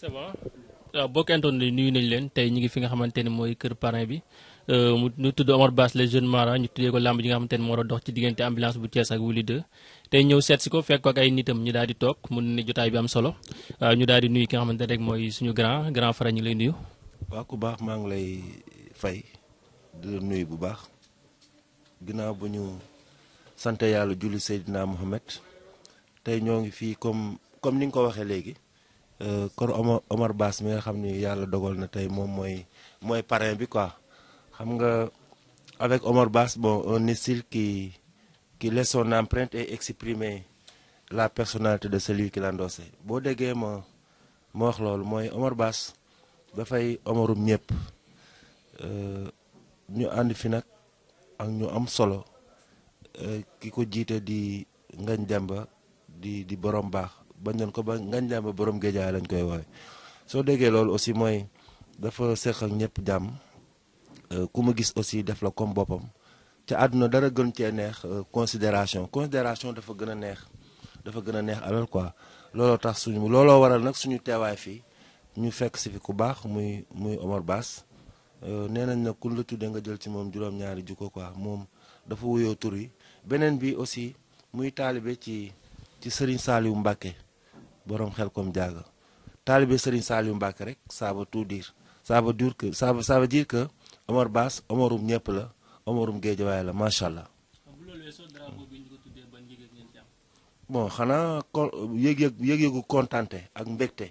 c'est euh, bon waaw bokkentoon li nuyu nañ leen tey ñu ngi fi nga xamante ne mooy kër parrain bi euh, mu ñu tudd Omar Bass les jeunes mara ñu tuddee ko làmb ji nga xamante ne moo dox ci diggante ambulance bu Thiès ak Wuli 2 tey ñëw seet si ko fekk ko ak ay nitam ñu daal di toog mun ne jotaay bi am solo euh, ñu daal di nuyu ki nga xamante rek mooy suñu grand grand fara ñu ngi lay nuyu waa ku baax maa ngi lay fay di la nuyu bu baax ginnaaw bu ñu sant yàlla julli Seydina Mohamed tey ñoo ngi fii comme comme ni nga ko waxee léegi Comme euh, Omar Bas, Bass mi nga na tay mom moy parrain quoi avec Omar Bas, bon un sûr qui qui laisse son empreinte et exprimer la personnalité de celui qui l'endosse bo dit mo Omar Bass euh, ñu fi euh, di di bañ nañ ko ba ngañ jàmba borom géejaay lañ koy woowe soo déggee loolu aussi mooy dafa seq ak ñëpp jàmm euh, ku ma gis aussi def la comme boppam ca àdduna dara gën cee neex euh, considération considération dafa gën a neex dafa gën a neex alal quoi looloo tax suñu looloo waral nag suñu teewaay fii ñu fekk si fi ku baax muy muy Omar Baas euh, nee nañ nag ku la tuddee nga jël ci moom juróom-ñaari jukko quoi moom dafa wuyoo tur yi beneen bi aussi muy taalibe ci ci Serigne Saliou Mbacké boroom xel kom jaaga taalibe Serigne Saliou Mbacke rek ça veut tout dire ça veut dire que ça veut ñëpp la Omarum Géejawaay la macha allah. bon xanaa ko yëg-yëg yëg-yëgu kontante ak mbégte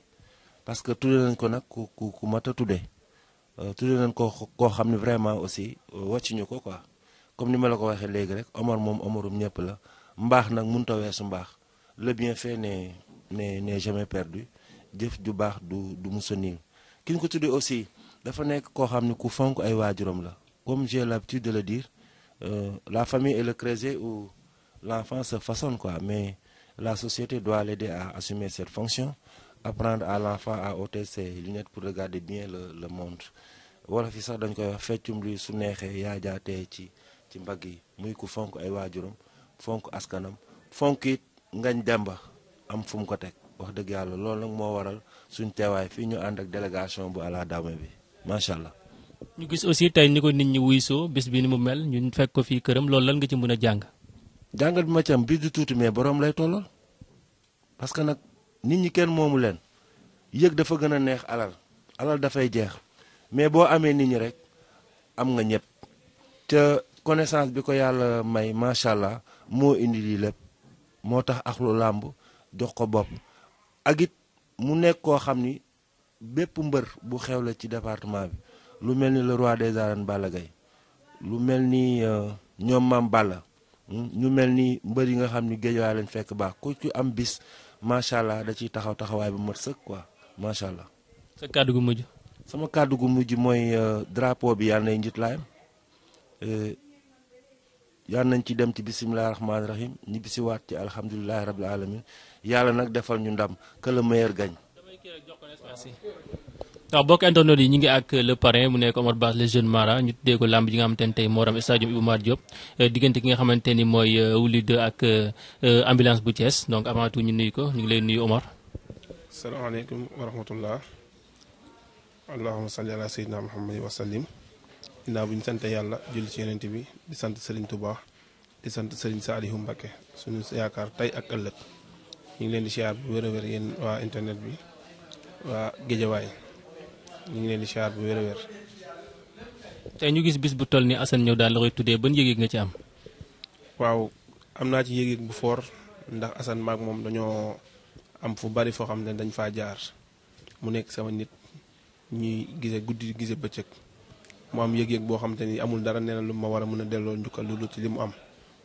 parce que tuddee nañ ko nag ku ku ku mat a tuddee euh, tuddee nañ ko koo xam ne vraiment aussi euh, wàccuñu ko quoi comme ni ma la ko waxee léegi Omar moom ñëpp la mbaax nag mënut weesu mbaax le bien fait n'est jamais perdu Jeff Duba du du musa niiw ki ko aussi dafa nekk koo xam ne ku fonk la comme j'ai l'habitude de le dire euh, la famille est le creuset où l'enfant se façonne quoi mais la société doit l'aider à assumer cette fonction apprendre à l'enfant à ôter ses lunettes pour regarder bien le le monde wala fi sax dañ koy wax feccum luy su ya yaa jaatee ci ci mbagg muy fonk askanam fonk it am fum ko tek wax deug yalla nak mo waral suñu teway fi ñu and ak délégation bu ala dawme bi macha allah. ñu gis aussi tay ni ko nit ñi wuyso bi ni mu mel ñun fekk ko fi kërëm loolu lan nga ci mëna jang jangal bi ma ci am bi du tuti mais borom lay tollal parce que nak nit ñi kenn momu len yegg dafa gëna neex alal alal fay jeex mais bo amé nit ñi rek am nga te connaissance bi ko yalla may macha allah indi li lepp motax akhlu lamb jox ko bopp ak it mu nekk koo xam ni bépp mbër bu xew la ci département bi lu mel ni le roi des arènes Balla gay lu mel ni euh, ñoom maam Balla hmm? ñu mel ni mbër yi nga xam ni géej waay lañ fekk baax ku ci am bis macha allah da ciy taxaw taxawaay bu mat sëkk quoi macha allah. sa kàddu gu mujj. sama kàddu gu mujj mooy euh, drapeau bi yàlla nay njit laayam euh, yàlla nañ ci dem ci bisimilah rahmaani rahim ñibbi si waat ci alhamdulilah rabil alamin yàlla nag defal ñu ndam que le meilleur gagne. waaw bokk internet yi ñu ngi ak le parrain mu nekk Omar Bass le jeune mara ñu tuddee ko làmb ji nga xamante ne tey moo ram stade Iba Mar Diop euh, diggante ki nga xamante ni mooy euh, Wouly 2 ak euh, ambulance bu Thiès donc amaatu ñu nuyu ko ñu ngi lay nuyu Omar. salaamaaleykum wa ginnaaw bu ñu sant yàlla julli ci yonent bi di sant sëriñ Touba di sant sëriñ Saalihu Mbakke suñu yaakaar tey ak ëllëg ñu ngi leen di siyaar bu wér a waa internet bi waa Géejawaay ñu ngi leen di siyaar bu wér a wér tey ñu gis bis bu toll ni Assane ñëw daal la koy tuddee ban yëg-yëg nga ci am waaw am naa ci yëg bu foor ndax Assane maag moom dañoo am fu bari foo xam ne dañ faa jaar mu nekk sama nit ñuy gise guddi gise bëccëg mu am yëg-yëg boo xam te ni amul dara nee lu ma war a mën a delloo njukkal lu ci li mu am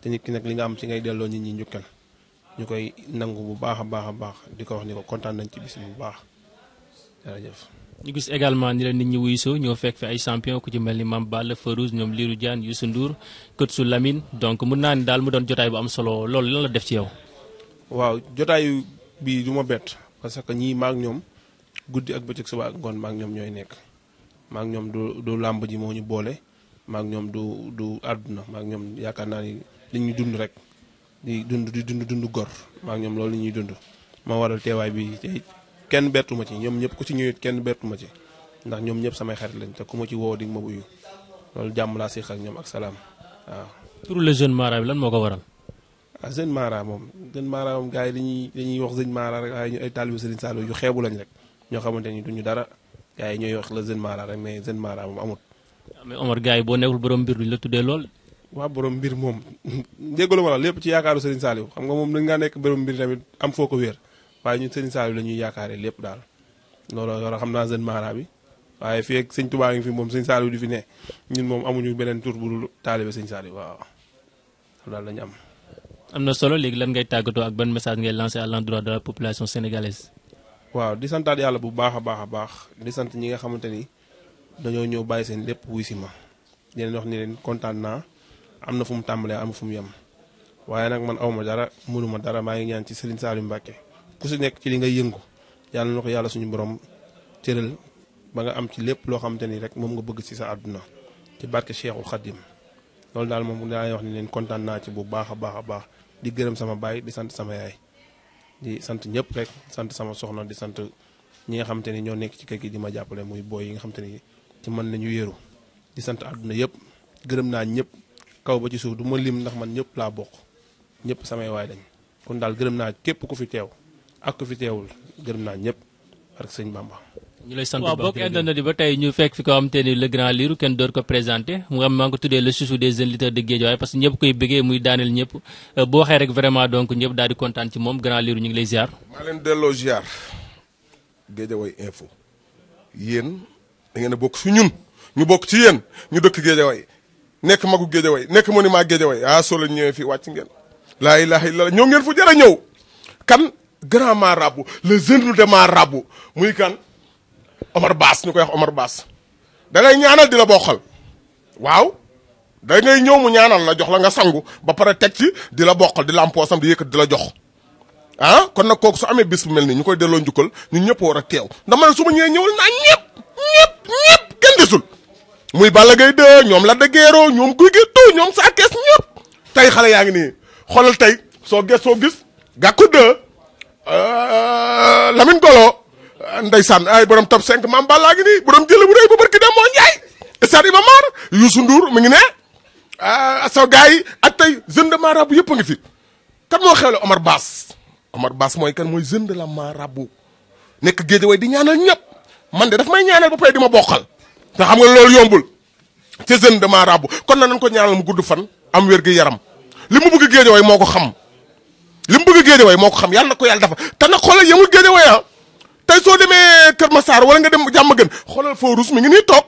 te nit ki nag li nga am ci ngay delloo nit ñi njukkal ñu koy nangu bu baax a baax a baax di ko wax ni ko kontaan nañ ci bis bu baax jërëjëf. ñu gis également ni la nit ñi wuyu soo ñoo fekk fi ay champion ku ci mel ni Mame Balla Farouz ñoom Lirou Diane Youssou Ndour kët su Lamine donc mun naa ni daal mu doon jotaay bu am solo loolu lan la def ci yow. waaw jotaayu bii du ma bett parce que ñii maak ñoom guddi ak bëccëg suba ak ngoon maak ñoom ñooy nekk. maak ñoom du du làmb ji moo ñu boole maak ñoom du du àdduna maak ñoom yaakaar naa ni li ñuy dund rek di dund di dund dund gor maak ñoom loolu li ñuy dund ma waral teewaay bi kenn bettu ci ñoom ñëpp ku ci ñëwit kenn bettu ma ci ndax ñoom ñëpp samay xarit lañ te ku ma ci woow di ma bu yu loolu jàmm laa séq ak ñoom ak salaam waaw. turu le jeune mara bi lan moo ko waral. ah jeune mara moom jeune mara moom gars yi dañuy wax jeune mara rek ay taalibu Serigne Saliou yu xeebu lañ rek xamante ni duñu dara. gars yi ñooy wax la Jeune Mara rek mais Jeune Mara moom amut. Ah, mais Omar gars yi boo nekkul borom mbir duñ la tuddee lool. waaw borom mbir moom déggalu ma la lépp ci yaakaaru Serigne Saliou xam nga moom dañ ngaa nekk borom mbir tamit am foo ko wéer waaye ñun Serigne Saliou la ñuy yaakaaree lépp daal looloo yor xam naa Jeune Mara bi waaye fii ak sëñ ngi fi moom sëñ Saliou di fi ne ñun moom amuñu beneen tur bu dul taalibe sëñ Saliou waaw daal lañu am. am na solo léegi lan ngay tàggatoo ak ban message ngay lancé à l'endroit de la population sénégalaise. waaw di santaat yàlla bu baax a baax a baax di sant ñi nga xamante ni dañoo ñëw bàyyi seen lépp wuy si ma di leen wax ni leen kontaan naa am na fu mu tàmbalee am fu mu yem waaye nag man awma dara mënuma dara maa ngi ñaan ci Serigne Saliou Mbacke ku si nekk ci li nga yëngu yàlla na ko yàlla suñu borom cëral ba nga am ci lépp loo xamante ni rek moom nga bëgg ci sa àdduna ci barke Cheikhul Khadim loolu daal moom daay wax ni leen kontaan naa ci bu baax a baax a baax di gërëm sama baay di sant sama yaay di sant ñëpp rek sant sama soxna di sant ñi nga xamante ni ñoo nekk ci kër gi di ma jàppale muy booy yi nga xamante ni ci mën nañu yéeru di sant àdduna yëpp gërëm naa ñëpp kaw ba ci suuf du ma lim ndax man ñëpp laa bokk ñëpp samay waay dañ kon daal gërëm naa képp ku fi teew ak ku fi teewul gërëm naa ñëpp ak sëñ Bamba ñu lay sant bu baax waaw bokk internet yi ba tey ñu fekk fi ko xam te ni le grand Lirou kenn door ko présenté mu xam maa ngi ko tuddee le chouchou des jeunes lutteurs de Guédiawaye parce que ñëpp koy bëggee muy daaneel ñëpp euh, boo waxee rek vraiment donc ñëpp daal kontaan ci moom grand Lirou ñu ngeen bokk su ñun ñu bokk ci yéen ñu dëkk Guédiawaye nekk magu Guédiawaye nekk monument Guédiawaye ah soo leen ñëwee fii wàcc ngeen. laa ilaha illa ñoo ngeen fu jërë ñëw kan grand marabout le jeune de marabout muy kan Omar Bass ñu koy wax Omar Bass da lay ñaanal di la bokkal waaw da ngay ñew mu ñaanal la jox la nga sangu ba para tek ci di la di am di yëkkat di jox ah kon nag kooku su amé bis bu melni ñukoy delo ñukul ñun ñëpp wara tew teew ndax man suma ñe ñewul na naa ñëpp ñëpp ñëpp kenn desul muy Balla Gaye 2 ñoom la dageeroo ñoom guy gi tu ñom sa kess ñëpp tay ngi xolal tay so gesso gis euh, Lamine Golo ndeysaan ay borom top 5 maam Balla ngi nii borom jëlee bu rëy bu barki dem moo Ndiaye. stade Iba Mar Youssou Ndour mi ngi ne ah sa gars yi ak tey jeune de yëpp ngi fi. kan moo xewle Omar Baas Omar Baas mooy kan mooy jeune de la marabout nekk géej way di ñaanal ñëpp man de daf may ñaanal ba pare di ma bokkal. te xam nga loolu yombul ca jeune de marabout kon na nañ ko ñaanal mu gudd fan am wér gi yaram li mu bëgg géej way moo ko xam. li mu moo xam yàlla na ko yàlla dafa te nag xoolal yemul géej tey soo demee Kër Massar wala nga dem jàmm gën xoolal foo rus mi ngi nii toog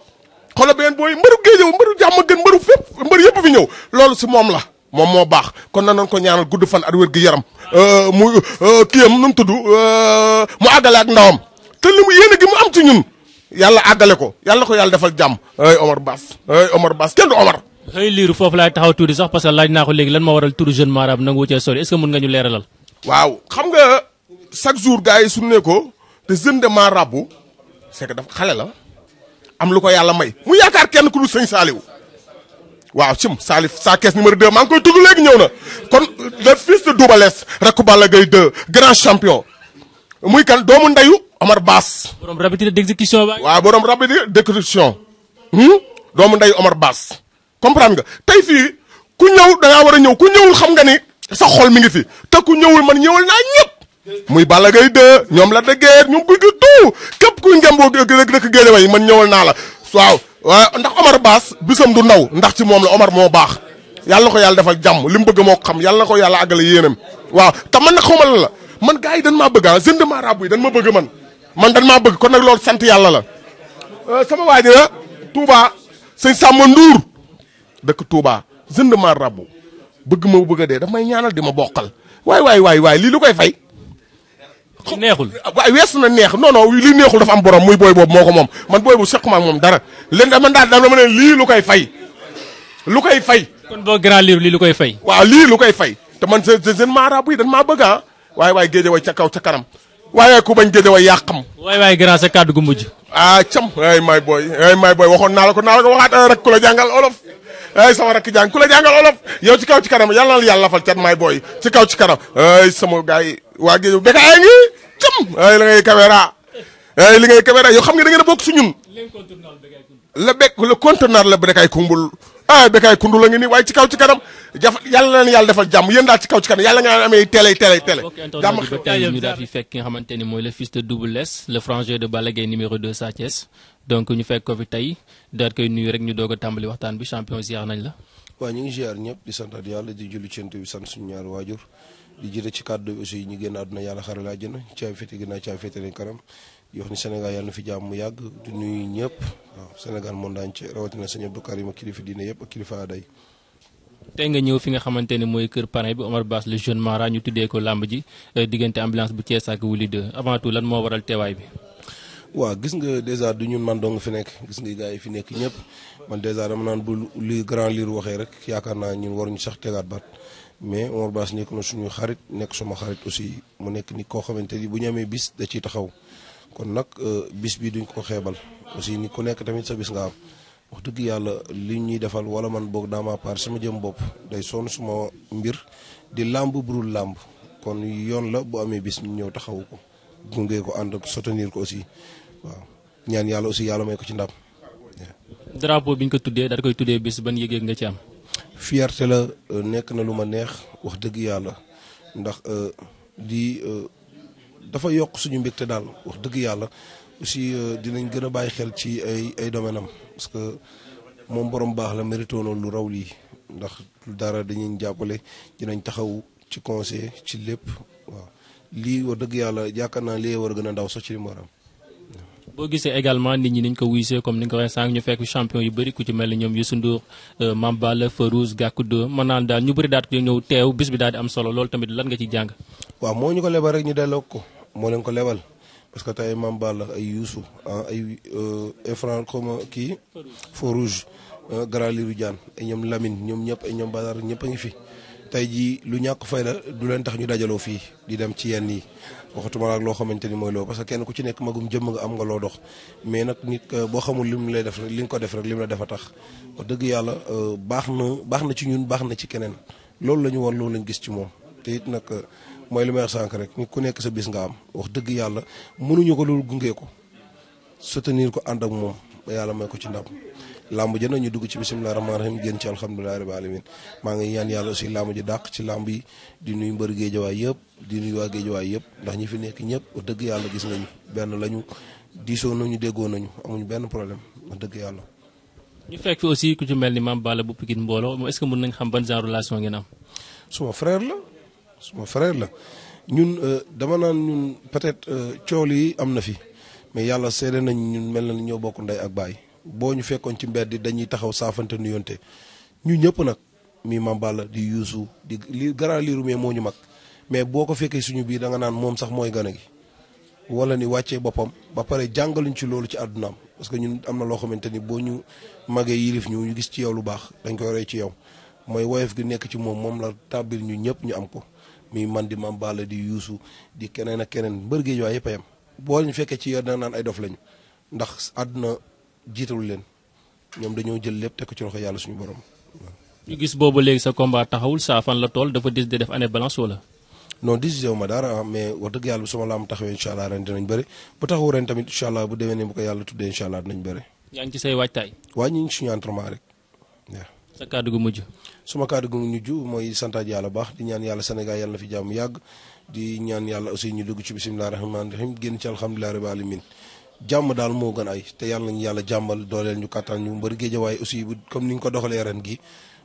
xoolal beneen booy mbëru géejew mbëru jàmm gën mbëru fépp mbëru fi ñëw loolu si moom la moom moo baax kon nañu ko ñaanal gudd fan at wér gi yaram euh, mu euh, kii am nu mu tudd euh, mu àggale ak ndawam te li mu yéene gi mu am ci ñun yàlla àggale ko yàlla ko yàlla defal jàmm. ay Omar Bass ay Omar Bass kenn du Omar. xëy liiru foofu laay taxaw tuuti sax parce que laaj naa ko léegi lan moo waral turu jeune maraab nangu cee sori est-ce que mën ne ko te jeune de marabout c'est que dafa xale la am lu ko yàlla may mu yaakaar kenn ku dul sëñ Saliou waaw cim Salif sa caisse numéro 2 maa ngi koy tudd léegi ñëw na kon le fils de Double Less rakku Balla Gaye 2 grand champion muy kan doomu ndeyu Omar Baas. borom rapidité d'exécution ba. waaw borom rapidité d'exécution hmm? doomu ndeyu Omar Baas comprendre nga tey fii ku ñëw da war a ñëw ku ñëwul xam nga ni sa xol mi ngi fi te ñëwul man ñëwal naa ñëpp. muy Balla Gaye 2 ñoom la de guerre ñoom guy gi tout képp kuy ngemboo dëkk Guédiawaye man ñëwal naa la waaw ndax Omar Baas bisam du ndaw ndax ci moom la Omar moo baax yàlla ko yàlla defal jàmm li mu bëgg moo xam yàlla na ko yàlla àggale yéenam waaw te man nag xawma la la man gars yi dañ maa bëgg ah jeune de marabout yi dan ma bëgg man man dañ maa bëgg kon nag loolu sant yàlla la euh, sama waaj ji la Touba sàmma nduur Ndour dëkk Touba jeune de marabout bëgg ma bëgg a dee daf ñaanal di ma bokkal waay waay waay waay lii lu koy fay neexul waaye weesu na neex non non li neexul dafa am borom muy booy boobu moo ko moom man booy bu sequma ak moom dara leen da man daal dama ne lii lu koy fay lu koy fay. kon boo grand livre lii lu koy fay. waaw lii lu koy fay te man seen seen maaraabu yi dañ maa bëgg ah waaye waaye géej way ca kaw ca kanam waaye ku bañ géej way yàqam. waay waaye grand sa kàddu gu mujj. ah cam ay may booy ay may booy waxoon naa la ko naa la ko waxaat eh, rek ku la jàngal olof. ay sama rakk jàng ku la jàngal olof yow ci kaw ci kanam yàlla na yàlla fal cat maay booy ci kaw ci kanam ay sama gars yi waa géej beka ay ngi cam ay la ngay caméra ay li ngay caméra yow xam nga da ngeen a bokk su ñun la bekk le conteneur la bekay kumbul ah Bécaye Koundoul la ngi nii waaye ci kaw ci kanam jafe na yàlla defal jàmm yéen daal ci kaw ci nga naan amee télé télé télé. jàmm ba tey ñu daal fi fekk ki nga xamante ni mooy le fils de Double Less le frangin de Balla numéro 2 Sa donc ñu fekk ko fi tey daal koy nuyu rek ñu doog a tàmbali waxtaan bi champion ziar nañ la. waaw ñu ngi ziar ñëpp di santaat yàlla di julli cent bi sant suñu ñaar waajur di jëlee ci kàddu aussi yi ñu génn àdduna yàlla xarala àjjana caay fete ginnaaw caay fete leen kanam di wax ni Sénégal jàmm yàgg di waaw Sénégal monde entier rawatina sëñ Abdou Karim ak kilifa diine yëpp ak kilifa aaday. tey nga ñëw fi nga xamante ne mooy kër parrain bi Omar Bass le jeune mara ñu tuddee ko làmb ji euh, diggante ambulance bu Thiès ak Wuli 2 avant tout lan moo waral teewaay bi. waaw gis nga dèjà du ñun man dong fi nekk gis nga gars yi fi nekk ñëpp man dèjà dama naan bu li grand liir waxee rek yaakaar naa ñun waruñu sax tegaat baat mais Omar baas nekk na suñu xarit nekk suma xarit aussi mu nekk ni koo xamante ni bu ñu amee bis da ciy taxaw. kon nak euh, bis bi duñ ko xébal aussi ni ku nek tamit sa bis nga wax dëgg yalla li ñuy défal wala man bok dama par sama jëm bop day son suma mbir di lamb burul lamb kon yoon la bu amé bis ñu ñëw taxaw ko gungé ko and ak soutenir ko aussi waaw ñaan yalla aussi yalla may ko ci ndam drapo biñ ko tuddé da koy tuddé bis ban yëgeeg nga ci am fierté la euh, nek na luma neex wax dëgg yalla ndax euh, di dafa yokk suñu mbégte daal wax dëgg yàlla aussi euh, dinañ gën a bàyyi xel ci ay ay domaine am parce que moom borom baax la mérité woon lu raw lii ndax dara dañuy jàppale dinañ taxaw ci conseil ci lépp waa lii wax dëgg yàlla yaakaar naa lii war a gën a ndaw sax ci li am boo gisee également nit ñi niñ ko wuysee comme ni nga ko waxee sànq ñu fekk champion yu bëri ku ci mel ni ñoom Youssou Ndour euh, Mame Balla Farouz Gakou Dóor mën naan daal ñu bëri daat di ñëw teew bis bi daal am solo loolu tamit lan nga ci jàng. moo leen ko lebal parce que tey Mame la ay Youssou ah ay Efran euh, comme euh, kii Feu Rouge euh, Grand Lirou Diane ay ñoom Lamine ñoom ñëpp ay ñoom Badar ñëpp a ngi fi tey jii lu ñàkk fay la du leen tax ñu dajaloo fii di dem ci yenn yi waxtu la ak loo xamante ni mooy loo parce que kenn ku ci nekk magum jëmm nga am nga loo dox mais nag nit boo xamul lim lay def rek li nga ko def rek lim la dafa tax wax dëgg yàlla baax na baax na ci ñun baax na ci keneen loolu la ñu war loolu gis ci moom te nag mooy li may sànq rek ku nekk sa bis nga am wax dëgg yàlla mënuñu ko loolu gunge ko soutenir ko ànd ak moom yàlla may ko ci ndam làmb ja nañu dugg ci bisimilah rahmaani rahim génn ci alhamdulilah rabbil alamin maa ngi ñaan yàlla aussi làmb ji dàq ci làmb yi di nuyu mbër géejawaay yëpp di nuyu waa géejawaay yëpp ndax ñi fi nekk ñëpp wax dëgg yàlla gis nañu benn lañu diisoo nañu déggoo nañu amuñu benn problème wax dëgg yàlla. ñu fekk fi aussi ku ci mel ni maam Balla bu Pikine mbooloo est-ce que mën nañ xam ban genre relation ngeen am. suma frère la. suma frère la ñun euh, dama naan ñun peut-être euh, cool yi am na fi mais yàlla seede nañ ñun mel na ni ñoo bokk ndey ak baay boo ñu fekkoon ci mbedd dañuy taxaw saafante nuyonte ñu ñëpp nag mi Mame Balla di yuusu di li gara liiru mee moo ñu mag mais boo ko fekkee suñu bii da nga naan moom sax mooy gane gi wala ni wàccee boppam ba pare jàngaluñ ci loolu ci àddunaam parce que ñun am na loo xamante ni boo ñu magee yilif ñu ñu gis ci yow lu baax dañ koy roy ci yow mooy woyof gi nekk ci moom moom la tàbbil ñu ñëpp ñu am ko mi man di Mame Balla di Youssou di keneen ak keneen mbër géej waay yëpp a yem boo ñu fekkee ci yoon da naan ay dof lañu ndax àdduna jiitalu leen ñoom dañoo jël lépp teg ko ci loxo yàlla suñu borom. ñu gis boobu léegi sa combat taxawul saa la tool dafa décidé def année balance wala. non décidé wu ma dara mais wax dëgg yàlla bu sama am taxawee incha allah ren dinañ bëri bu taxawu ren tamit incha allah bu demee ne bu ko yàlla tuddee incha allah dinañ bëri. yaa ngi ci say waajtaay. waa ñu suñu entraînement rek. sa kàddu gu mujj. su suma kàddu gu mujj mooy santaat yàlla baax di ñaan yàlla Sénégal yàlla na fi jàmm yàgg di ñaan yàlla aussi ñu dugg ci bisimilah rahmaani rahim génn ci alhamdulilah rabbil alamin jàmm daal moo gën ay te yàlla nañu yàlla jàmmal dooleel ñu kattan ñu mbër waaye aussi comme ni ñu ko doxalee ren gi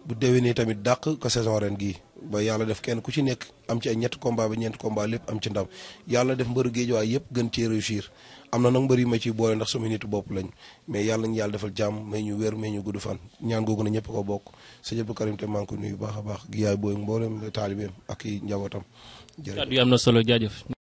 bu déwénee tamit dàq ko saison ren gii ba yàlla def kenn ku ci nekk am ci ay ñetti combat ba ñeenti combat lépp am ci ndam yàlla def mbëru géejuwaay yëpp gën cee réussir am na nag mbër yi ma ciy boole ndax sama nitu bopp lañ mais yàlla ñu yàlla defal jàmm may ñu wér may ñu gudd fan ñaan googu na ñëpp ko bokk sëñ Abdou Karim te maa baax a baax gi yaay booy mboolem taalibeem ak i njabootam jërëjëf kàddu yi na solo jaajëf